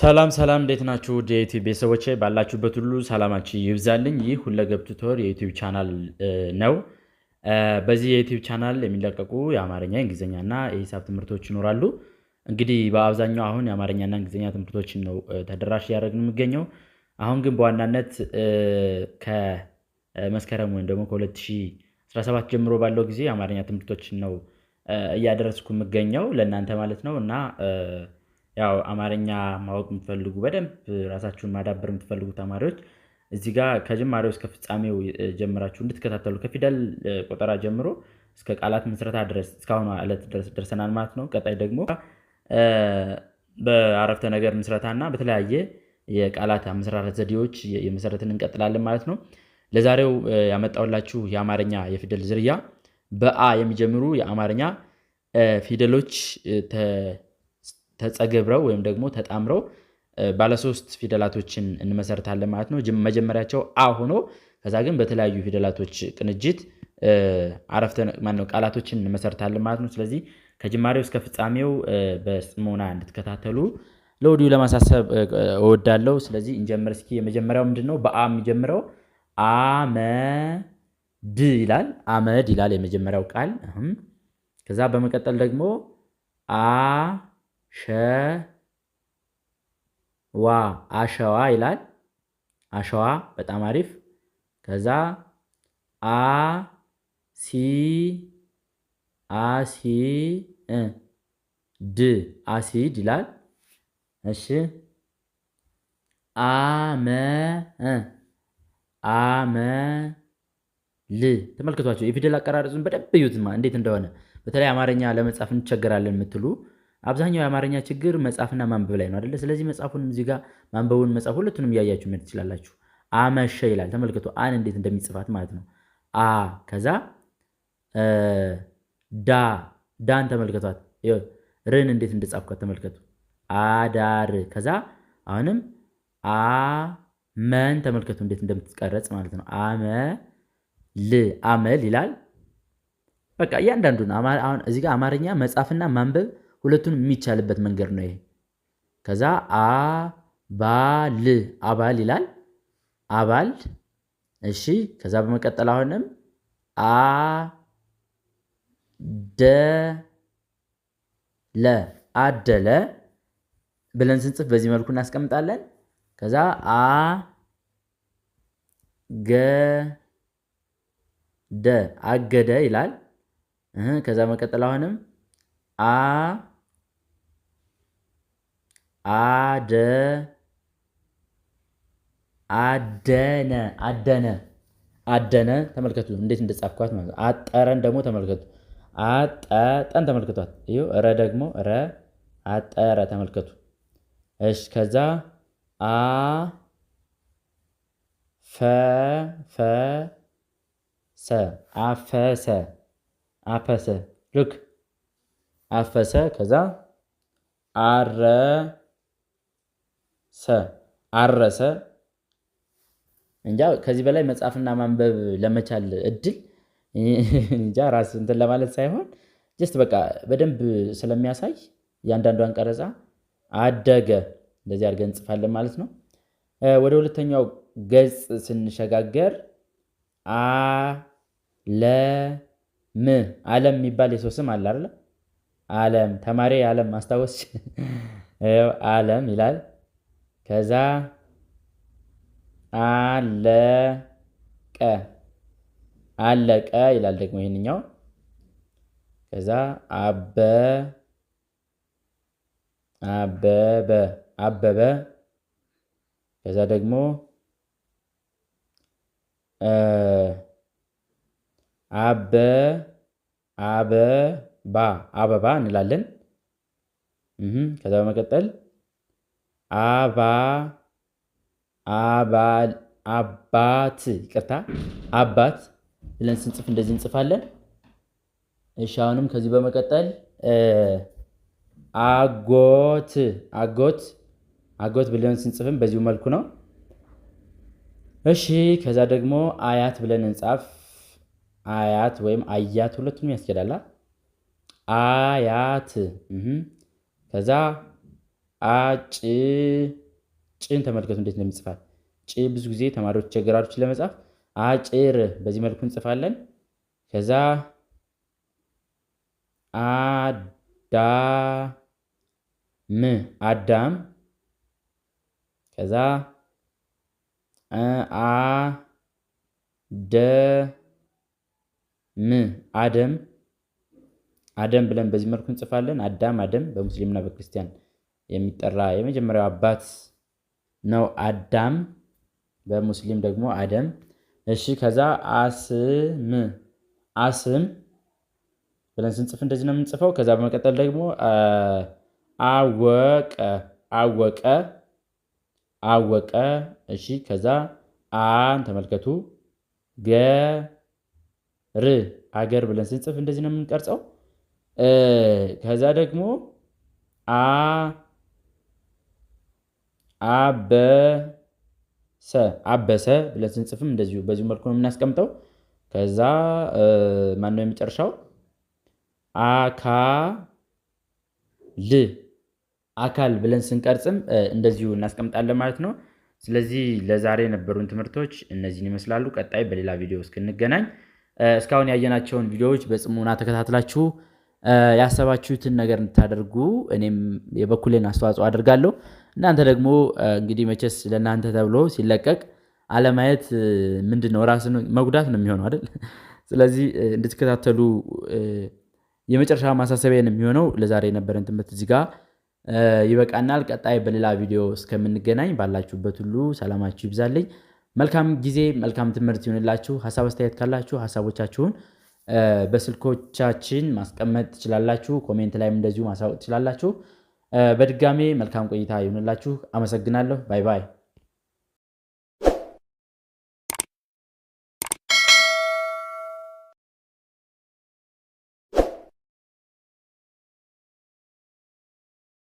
ሰላም ሰላም እንዴት ናችሁ? ውድ የዩቲዩብ ቤተሰቦች ባላችሁበት ሁሉ ሰላማችሁ ይብዛልኝ። ይህ ሁለገብ ቱቶር የዩቲዩብ ቻናል ነው። በዚህ የዩቲዩብ ቻናል የሚለቀቁ የአማርኛ እንግሊዝኛና የሂሳብ ትምህርቶች ይኖራሉ። እንግዲህ በአብዛኛው አሁን የአማርኛና እንግሊዝኛ ትምህርቶችን ነው ተደራሽ እያደረግን የሚገኘው። አሁን ግን በዋናነት ከመስከረም ወይም ደግሞ ከ2017 ጀምሮ ባለው ጊዜ የአማርኛ ትምህርቶችን ነው እያደረስኩ የምገኘው ለእናንተ ማለት ነው እና ያው አማርኛ ማወቅ የምትፈልጉ በደንብ ራሳችሁን ማዳበር የምትፈልጉ ተማሪዎች እዚህ ጋር ከጅማሬው እስከ ፍጻሜው ጀምራችሁ እንድትከታተሉ ከፊደል ቆጠራ ጀምሮ እስከ ቃላት ምስረታ ድረስ እስካሁኑ ዕለት ድረስ ደርሰናል ማለት ነው። ቀጣይ ደግሞ በአረፍተ ነገር ምስረታና በተለያየ የቃላት አመሰራረት ዘዴዎች የመሰረትን እንቀጥላለን ማለት ነው። ለዛሬው ያመጣሁላችሁ የአማርኛ የፊደል ዝርያ በአ የሚጀምሩ የአማርኛ ፊደሎች ተጸግብረው ወይም ደግሞ ተጣምረው ባለሶስት ፊደላቶችን እንመሰርታለን ማለት ነው። መጀመሪያቸው አ ሆኖ ከዛ ግን በተለያዩ ፊደላቶች ቅንጅት አረፍተ ማነው ቃላቶችን እንመሰርታለን ማለት ነው። ስለዚህ ከጅማሬው እስከ ፍጻሜው በጽሞና እንድትከታተሉ ለወዲሁ ለማሳሰብ እወዳለሁ። ስለዚህ እንጀምር እስኪ። የመጀመሪያው ምንድን ነው? በአ የሚጀምረው አመድ ይላል። አመድ ይላል የመጀመሪያው ቃል። ከዛ በመቀጠል ደግሞ አ ሸዋ አሸዋ ይላል። አሸዋ በጣም አሪፍ። ከዛ አ ሲ አሲ ድ አሲድ ይላል። እሺ አመ አመ ል ተመልክቷቸው የፊደል አቀራረጹን በደንብ እዩትማ እንዴት እንደሆነ። በተለይ አማርኛ ለመጻፍ እንቸገራለን የምትሉ አብዛኛው የአማርኛ ችግር መጽሐፍና ማንበብ ላይ ነው አደለ? ስለዚህ መጽሐፉን እዚህ ጋር ማንበቡን መጽሐፍ ሁለቱንም እያያችሁ መሄድ ትችላላችሁ። አመሸ ይላል ተመልከቱ፣ አን እንዴት እንደሚጽፋት ማለት ነው። አ ከዛ ዳ ዳን ተመልከቷት፣ ርን እንዴት እንደጻፍኳት ተመልከቱ። አዳር ከዛ አሁንም አመን ተመልከቱ፣ እንዴት እንደምትቀረጽ ማለት ነው። አመ ል አመል ይላል። በቃ እያንዳንዱን አሁን እዚህ ጋር አማርኛ መጻፍና ማንበብ ሁለቱን የሚቻልበት መንገድ ነው ይሄ። ከዛ አባል አባል ይላል አባል። እሺ ከዛ በመቀጠል አሁንም አደለ አደለ ብለን ስንጽፍ በዚህ መልኩ እናስቀምጣለን። ከዛ አ ገ ደ አገደ ይላል። ከዛ መቀጠል አሁንም አ አደ አደነ አደነ አደነ ተመልከቱ እንዴት እንደጻፍኳት ማለት ነው። አጠረን ደግሞ ተመልከቱ አጠጠን ተመልክቷት እዩ ረ ደግሞ ረ አጠረ ተመልከቱ። እሺ ከዛ አ ፈ ፈ ሰ አፈሰ አፈሰ ልክ አፈሰ ከዛ አረ ሰ አረሰ እንጃ ከዚህ በላይ መጻፍና ማንበብ ለመቻል እድል እንጃ ራስ እንትን ለማለት ሳይሆን ጀስት በቃ በደንብ ስለሚያሳይ እያንዳንዷን ቀረጻ አደገ እንደዚህ አድርገን እንጽፋለን ማለት ነው። ወደ ሁለተኛው ገጽ ስንሸጋገር አለም አለም የሚባል የሰው ስም አለ አይደል? አለም ተማሪ አለም ማስታወስ አለም ይላል። ከዛ አለቀ አለቀ ይላል። ደግሞ ይህንኛው ከዛ አበ አበበ አበበ ከዛ ደግሞ አበ አበባ አበባ እንላለን። ከዛ በመቀጠል አባ አባል አባት ይቅርታ አባት ብለን ስንጽፍ እንደዚህ እንጽፋለን። እሺ አሁንም ከዚህ በመቀጠል አጎት አጎት አጎት ብለን ስንጽፍም በዚሁ መልኩ ነው። እሺ ከዛ ደግሞ አያት ብለን እንጻፍ። አያት ወይም አያት ሁለቱንም ያስኬዳላ። አያት ከዛ አጭ ጭን ተመልከቱ እንዴት እንደሚጽፋል። ጭ ብዙ ጊዜ ተማሪዎች ቸገራሮች ለመጻፍ አጭር በዚህ መልኩ እንጽፋለን። ከዛ አዳም አዳም ከዛ አደም አደም አደም ብለን በዚህ መልኩ እንጽፋለን። አዳም አደም በሙስሊምና በክርስቲያን የሚጠራ የመጀመሪያው አባት ነው አዳም። በሙስሊም ደግሞ አደም። እሺ ከዛ አስም አስም ብለን ስንጽፍ እንደዚህ ነው የምንጽፈው። ከዛ በመቀጠል ደግሞ አወቀ አወቀ አወቀ። እሺ ከዛ አን ተመልከቱ ገር አገር ብለን ስንጽፍ እንደዚህ ነው የምንቀርጸው። ከዛ ደግሞ አ አበሰ አበሰ ብለን ስንጽፍም እንደዚሁ በዚሁ መልኩ ነው የምናስቀምጠው። ከዛ ማን ነው የመጨረሻው? አካል አካል ብለን ስንቀርጽም እንደዚሁ እናስቀምጣለን ማለት ነው። ስለዚህ ለዛሬ የነበሩን ትምህርቶች እነዚህን ይመስላሉ። ቀጣይ በሌላ ቪዲዮ እስክንገናኝ እስካሁን ያየናቸውን ቪዲዮዎች በጽሙና ተከታትላችሁ ያሰባችሁትን ነገር እንድታደርጉ እኔም የበኩሌን አስተዋጽኦ አድርጋለሁ። እናንተ ደግሞ እንግዲህ መቼስ ለእናንተ ተብሎ ሲለቀቅ አለማየት ምንድን ነው ራስን መጉዳት ነው የሚሆነው አይደል? ስለዚህ እንድትከታተሉ የመጨረሻ ማሳሰቢያ ነው የሚሆነው። ለዛሬ የነበረን ትምህርት እዚህ ጋ ይበቃናል። ቀጣይ በሌላ ቪዲዮ እስከምንገናኝ ባላችሁበት ሁሉ ሰላማችሁ ይብዛልኝ። መልካም ጊዜ፣ መልካም ትምህርት ይሆንላችሁ። ሀሳብ አስተያየት ካላችሁ ሀሳቦቻችሁን በስልኮቻችን ማስቀመጥ ትችላላችሁ። ኮሜንት ላይም እንደዚሁ ማሳወቅ ትችላላችሁ። በድጋሜ መልካም ቆይታ ይሁንላችሁ። አመሰግናለሁ። ባይ ባይ።